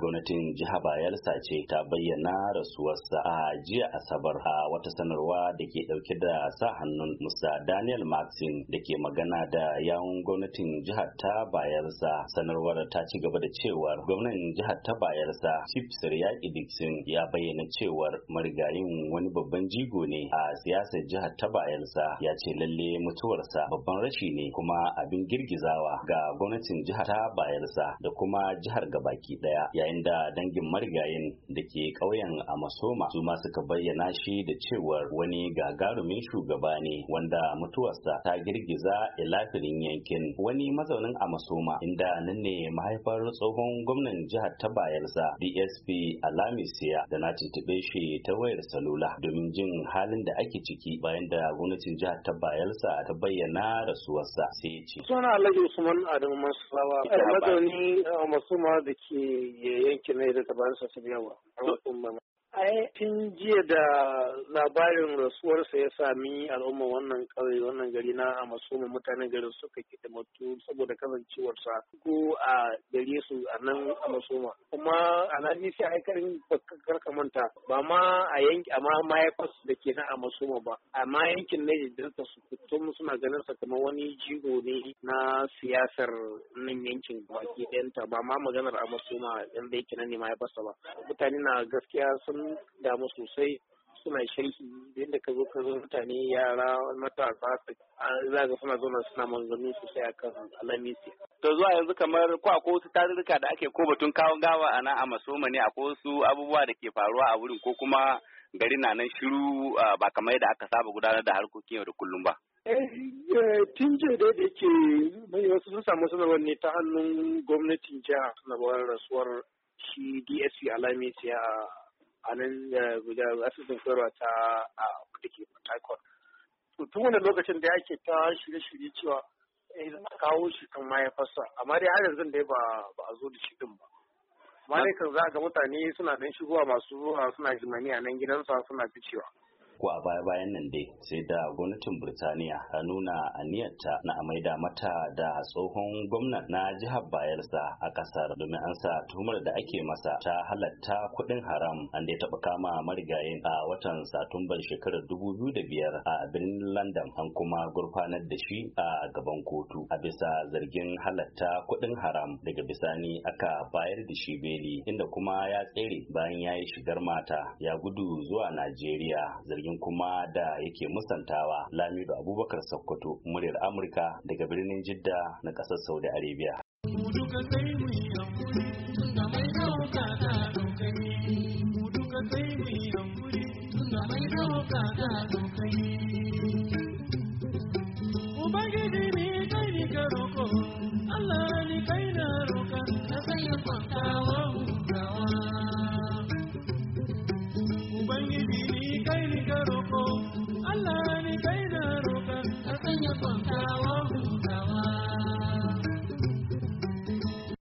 gwamnatin jiha bayelsa ce ta bayyana rasuwarsa a jiya asabar a wata sanarwa da ke dauke da sa hannun musa daniel maxim da ke magana da yawun gwamnatin jihar ta bayelsa sanarwar ta ci gaba da cewar gwamnan jihar ta bayelsa chief sirya dixon ya bayyana cewar marigayin wani babban jigo ne a siyasar jihar ta bayelsa ya ce lalle mutuwarsa babban rashi ne kuma abin girgizawa ga gwamnatin jihar ta bayelsa da kuma jihar gabaki daya ya yayin da dangin marigayin da ke ƙauyen masoma, su ma suka bayyana shi da cewar wani gagarumin shugaba ne wanda mutuwarsa ta girgiza ilafirin yankin wani mazaunin a masoma. inda nan ne mahaifar tsohon gwamnan jihar ta bayelsa dsp alamisiya da na tuntuɓe shi ta wayar salula domin jin halin da ake ciki bayan da gwamnatin jihar ta bayelsa ta bayyana rasuwarsa sai ce suna alhaji usman adamu masarawa mazauni masoma da ke yankin na yadda ta bayan sa su yawa a wasu mamaye. ai tun jiya da labarin rasuwarsa ya sami al'umma wannan ƙauye wannan gari na a masoma mutanen garin suka kidamatu saboda kasancewarsa ko a gare su a nan a kuma a naji sai aikarin karka manta ba ma a yanki amma mayakwas da ke na a ba amma yankin ne da su kutum suna ganin sa kamar wani jigo ne na siyasar nan yankin baki ɗanta ba ma maganar a masoma yanda yake nan ne fasa ba mutane na gaskiya sun damu sosai suna sharhi yadda ka zo ka zo mutane yara matasa za ga suna zauna suna maganganu sosai akan alamisi to zuwa yanzu kamar ko akwai wasu tarurruka da ake ko batun kawo gawa a nan a masoma ne akwai wasu abubuwa da ke faruwa a wurin ko kuma gari na nan shiru ba kamar da aka saba gudanar da harkokin yau da kullum ba eh, eh, tun jiya da yake mai wasu sun samu sanarwar ne ta hannun gwamnatin jiha sanarwar rasuwar shi dsc alamisi a a nan eh, da koyarwa ta a da ke matakon Tun wani lokacin da yake ta shirye-shirye cewa ya eh, kawo shi kan mahaifarsa amma dai har yanzu dai ba a zo da shi din ba. Amma za kan ga mutane suna dan shigowa masu zuwa suna jimani a nan gidansa suna ficewa. ko a baya bayan nan dai sai da gwamnatin Birtaniya a nuna aniyarta na amaida mata da tsohon gwamna na jihar Bayelsa a kasar domin an sa tuhumar da ake masa ta halatta kuɗin haram an dai taɓa kama marigayin a watan Satumbar shekarar 2005 a birnin London an kuma gurfanar da shi a gaban kotu a bisa zargin halatta kuɗin haram daga bisani aka bayar da shi beli inda kuma ya tsere bayan ya yi shigar mata ya gudu zuwa Najeriya zargin zargin kuma da yake musantawa lamido abubakar sokoto muryar amurka daga birnin jidda na ƙasar saudi arabia Ubangiji ne kai ni ka roƙo, Allah ni kai na roƙa, na sanya from now